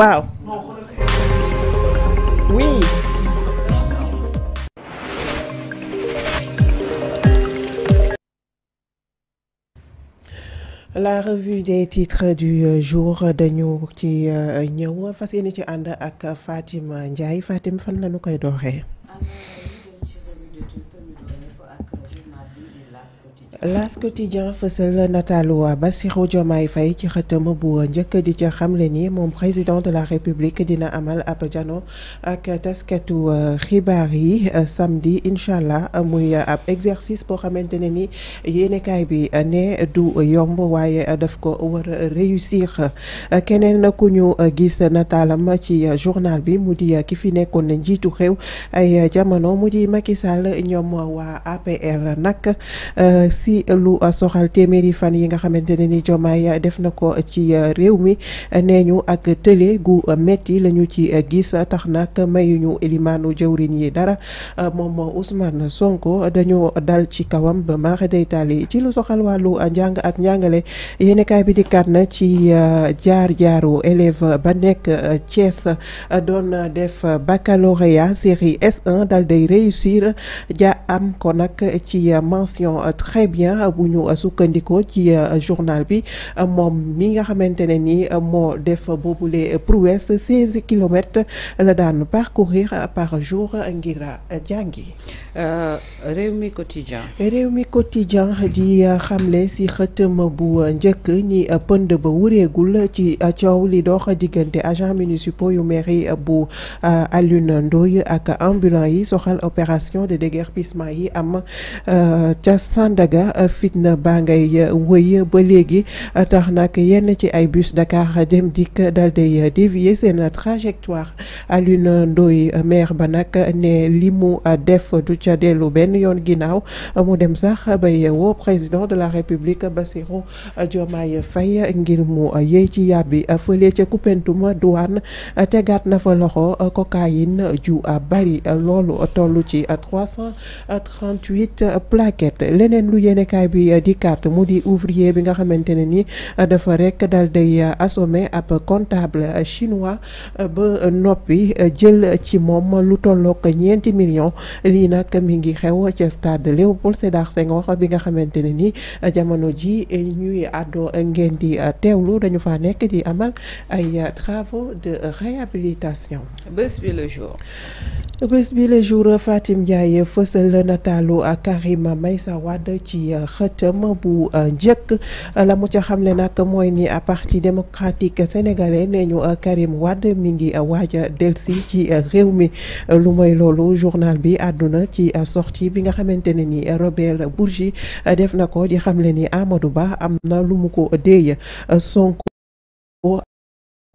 Wow. Oui. la revue des titres du euh, jour de ci qui euh, fas yéene ci ànd ak Fatima Ndiaye Fatima fan la ñu L'As quotidien fësal nataalu Bassirou Diomaye fay ci xëtëm bu njëkk di ca xamle ni moom président de la république dina amal ab jano ak taskatu euh, xibaar yi euh, samedi incha allah muy ab exercice boo xamante ne ni yéenekaay bi euh, ne du yomb waaye daf ko war a réussir keneen ku ñu gis nataalam ci journal bi mu di ki fi nekkoon njiitu xew ay jamono mu di Macky Sall ñoom waa APR nag si lu soxal téméri fan yi nga xamante ni jomay def nako ci euh, réew mi nee ak télé gu euh, metti lañu ci euh, gis tax nag mayuñu elimaanu yi dara momo Ousmane Sonko dañu dal ci kawam ba d'Italie daytaali ci lu soxal walu njàng ak njàngale yéenekaay bi di na ci jaar jaaru élève ba Thiès def baccalauréat série S1 dal day réussir ja am ko nak ci mention très bien euh, bu ñu euh, sukkandikoo ci euh, journal bi mom mi nga xamantene ni mo def boobule prouesse seize kilomètres la daan parcourir par jour ngir jàngi. réew quotidien. réew quotidien di xamlé ci xëtëm bu njëkk ni pënd ba wurégul ci coow li dox diggante agent municipaux yu mairie bu Alioune ndoy ak ambulance yi soxal opération de déguerpissement yi am ca Sandaga. Euh, fitna baa ngay euh, wëy euh, ba léegi tax bus Dakar dem dik dal day dévier trajectoire à ndoy maire ba banak ne limou def du ca yon benn yoon mu dem président de la République bassero Diomaye Faye ngir mu a ci yabi fële ci Koupentoum douane tégat na loxo cocaïne ju bari lolu ci 338 plaquettes yéenekaay bi euh, di carte des di ouvrier bi nga de de ni euh, dafa rek dal day euh, assommé ap comptable chinois be nopi, jël chimom moom lu tollook ñeenti millions lii nag mi ngi xew stade Léopold Sédar Senghor bi nga xamante et ni jamono ji ñuy àddoo ngeen di dañu fa di amal ay travaux de réhabilitation le jour bés bi le jour Fatim Ndiaye fësal nataalu Karim Meïssa Wade ci euh, xëtam bu euh, njëkk la mu ca xamle nag mooy ni parti démocratique sénégalais nee ñu euh, Karim Wade mi ngi waaja delsi ci réew mi lu moy loolu journal bi àdduna ci sortie bi nga xamante ne ni Robert Bourgi def na ko di xamle ni Amadou Ba am na lu mu ko déey Sonko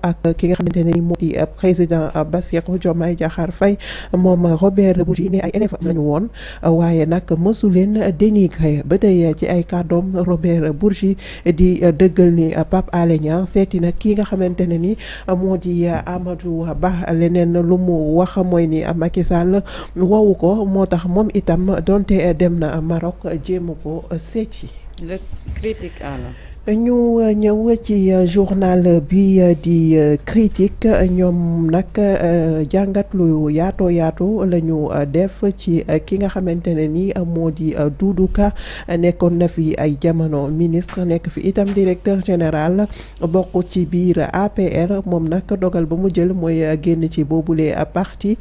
ak ki nga xamante ne moo di euh, président euh, Bassirou Diomaye Diakhar Faye moom Robert Bourgi ay élèves lañu woon waaye nag mësu leen dénigré ba tey ci ay kàddoom Robert Bourgi di euh, dëggal ni Pape Alé Niang seeti nag ki nga xamante ne ni moo di Amadou Ba leneen lu mu wax mooy ni Macky Sall woowu ko moo tax moom itam donte dem na Maroc jéem ko seeti. le critique à ñu euh, ñëw ci euh, journal bi euh, di critique ñoom nag jàngat lu yaatoo yaatu lañu def ci ki nga xamante ne ni moo di Doudou nekkoon na fi ay jamono ministre nekk fi itam directeur général bokk ci biir APR moom nag dogal ba mu jël mooy génn ci boobule parti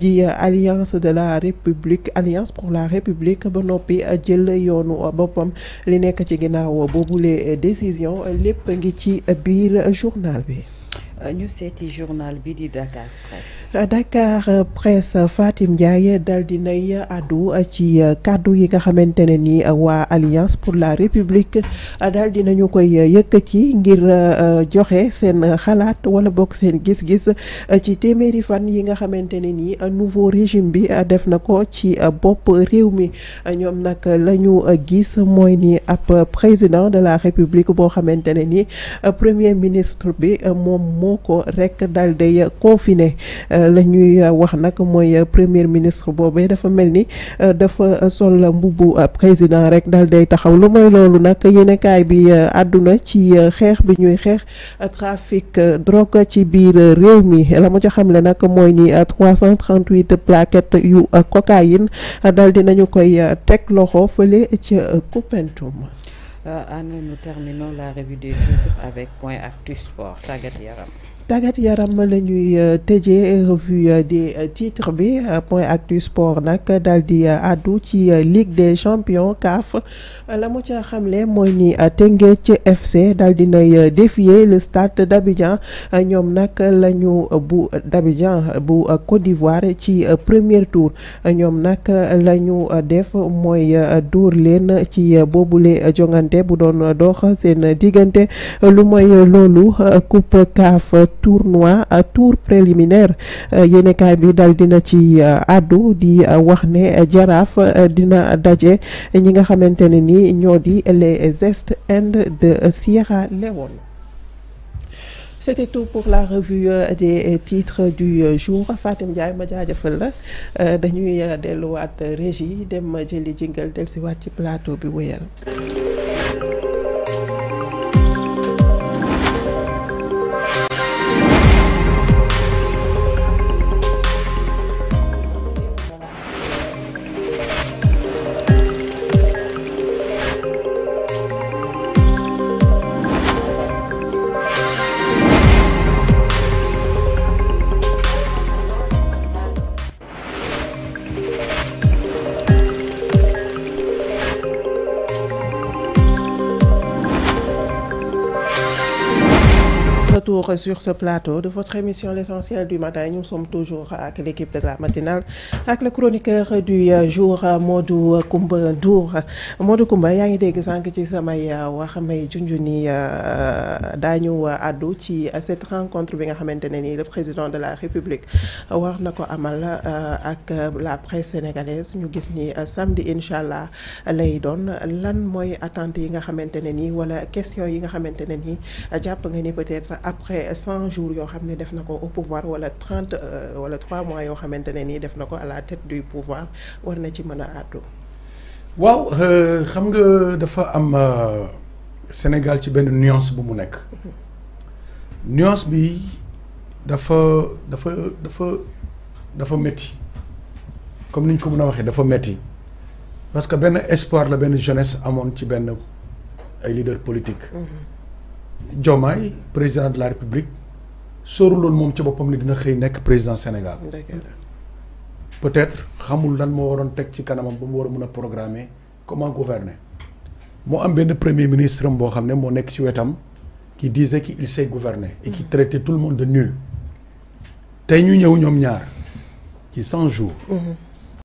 di alliance de la république alliance pour la république ba noppi jël yoonu boppam li nekk ci ginnaaw boobule décision lépp ngi ci biir journal bi news euh, seeti journal bi di Dakar Presse. Euh, Dakar euh, Presse Fatim Ndiaye dal di nay adu ci kàddu yi nga xamantene ni wa Alliance pour la République daal di nañu koy ci ngir joxe sen xalat wala bok sen gis-gis ci téméri fan yi nga xamantene ni nouveau régime bi def nako ci bop réew mi ñoom nag la gis moy ni ap président de la République bo xamantene ni premier ministre bi moment moo ko rek daal day euh, confiné euh, la ñuy euh, wax nag mooy premier ministre boobee dafa mel ni dafa sol mbubbu président rek daal day taxaw lu mooy loolu nag yéenekaay bi àdduna ci xeex bi ñuy xeex trafic drogue ci biir réew mi la mu ca xamle nag mooy ni 338 plaquettes yu cocaïne daal di nañu koy teg loxo fële ca Koupentoum Euh, Anne, nous terminons la revue des titres avec Point Actus Sport, Tagat tagat yaram lañuy euh, tejé revue euh, des euh, titres bi point actu sport nak daldi addu ci ligue des champions CAF la mu ci xamlé moy ni FC daldi di défier le stade d'Abidjan ñom nak la bu d'Abidjan bu Côte d'Ivoire ci premier tour ñom nak la def Moy dóor leen ci jongante bu doon dox sen diggante lu mooy coupe CAF tournoi euh, tour préliminaire euh, kay bi dal dina ci addu euh, di wax ne dina dajé ñi nga xamante ni di les est end de Sierra Leone c'était tout pour la revue des titres du jour Fatim Diaye, ma jaajëfal la dañuy régie dem jëli jingle dellusiwaat ci plateau bi retour sur ce plateau de votre émission L'essentiel du matin. Nous sommes toujours avec l'équipe de la matinale, avec le chroniqueur du euh, jour, euh, Modou Koumba Modou Koumba, yaa ngi dégg sànq ci samay euh, wax may junju ni daañu à ci cette rencontre bi nga le président de la République war nako amal ak la presse sénégalaise ñu gis ni samedi Inch'Allah, allah lay doon attendu mooy attente yi nga xamante wala question yi nga xamante ne nga peut-être après 100 jours yo xamné ne def na au pouvoir wala trente euh, wala 3 mois yo xamantene ni nii def na à la tête du pouvoir war na ci mën a àddu. waaw euh, xam nga dafa am euh, Sénégal ci ben nuance bu mu nek nuance bi dafa dafa dafa dafa metti comme niñ ko mën a dafa metti parce que ben espoir la ben jeunesse amone ci ben ay leader politique. Mm-hmm. Diomaye président de la République sóoru loon moom ci bopam ni dina xey nek président Sénégal peut-être xamul lan mo waroon un ci kanamam ba mu war a programmer comment gouverner Mo am le premier ministre bo xamné mo nek ci wétam qui disait qu'il sait gouverner et qui mm. traitait tout le monde de nul Tay ñu ñëw ñom ñaar ci 100 jours mm-hmm.